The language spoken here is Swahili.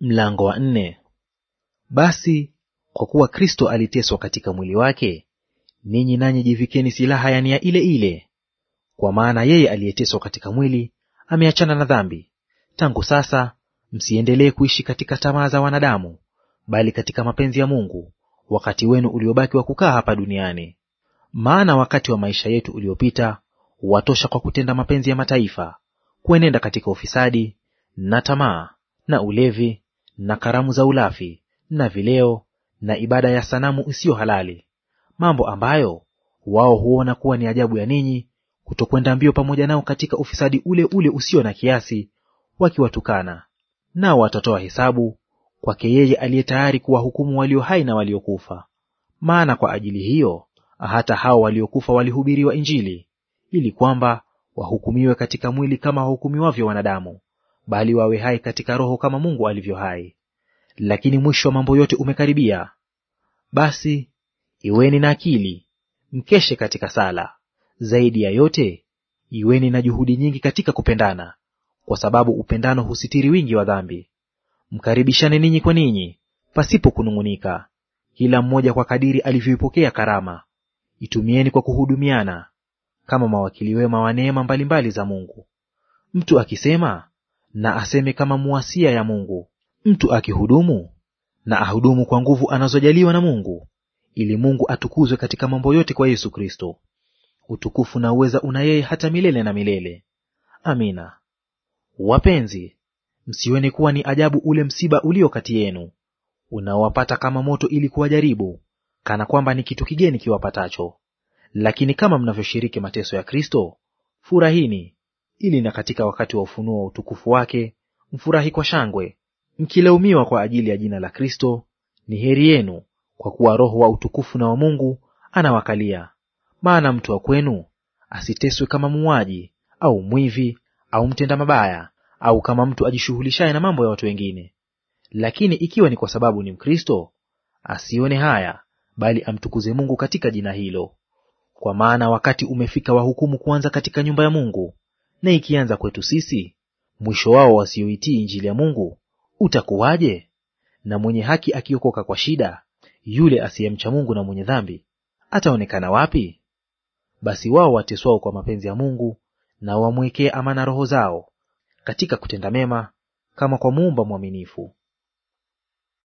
Mlango wa nne. Basi kwa kuwa Kristo aliteswa katika mwili wake, ninyi nanyi jivikeni silaha ya nia ile ile. Kwa maana yeye aliyeteswa katika mwili ameachana na dhambi, tangu sasa msiendelee kuishi katika tamaa za wanadamu, bali katika mapenzi ya Mungu wakati wenu uliobaki wa kukaa hapa duniani. Maana wakati wa maisha yetu uliopita watosha kwa kutenda mapenzi ya mataifa, kuenenda katika ufisadi na tamaa na ulevi na karamu za ulafi na vileo na ibada ya sanamu isiyo halali, mambo ambayo wao huona kuwa ni ajabu ya ninyi kutokwenda mbio pamoja nao katika ufisadi ule ule usio na kiasi, wakiwatukana. Nao watatoa hesabu kwake yeye aliye tayari kuwahukumu walio hai na waliokufa. Maana kwa ajili hiyo hata hao waliokufa walihubiriwa Injili, ili kwamba wahukumiwe katika mwili kama wahukumiwavyo wanadamu bali wawe hai katika roho kama Mungu alivyo hai. Lakini mwisho wa mambo yote umekaribia. Basi iweni na akili, mkeshe katika sala. Zaidi ya yote, iweni na juhudi nyingi katika kupendana, kwa sababu upendano husitiri wingi wa dhambi. Mkaribishane ninyi kwa ninyi pasipo kunung'unika. Kila mmoja kwa kadiri alivyoipokea karama, itumieni kwa kuhudumiana, kama mawakili wema wa neema mbalimbali za Mungu. Mtu akisema na aseme kama muasia ya Mungu. Mtu akihudumu na ahudumu kwa nguvu anazojaliwa na Mungu, ili Mungu atukuzwe katika mambo yote kwa Yesu Kristo. Utukufu na uweza una yeye hata milele na milele. Amina. Wapenzi, msione kuwa ni ajabu ule msiba ulio kati yenu, unaowapata kama moto ili kuwajaribu, kana kwamba ni kitu kigeni kiwapatacho. Lakini kama mnavyoshiriki mateso ya Kristo, furahini ili na katika wakati wa ufunuo wa utukufu wake mfurahi kwa shangwe, mkilaumiwa kwa ajili ya jina la Kristo, ni heri yenu, kwa kuwa Roho wa utukufu na wa Mungu anawakalia. Maana mtu wa kwenu asiteswe kama muuaji au mwivi au mtenda mabaya au kama mtu ajishughulishaye na mambo ya watu wengine. Lakini ikiwa ni kwa sababu ni Mkristo, asione haya, bali amtukuze Mungu katika jina hilo. Kwa maana wakati umefika wa hukumu kuanza katika nyumba ya Mungu na ikianza kwetu sisi, mwisho wao wasioitii injili ya Mungu utakuwaje? Na mwenye haki akiokoka kwa shida, yule asiyemcha Mungu na mwenye dhambi ataonekana wapi? Basi wao wateswao kwa mapenzi ya Mungu na wamwekee amana roho zao katika kutenda mema, kama kwa muumba mwaminifu.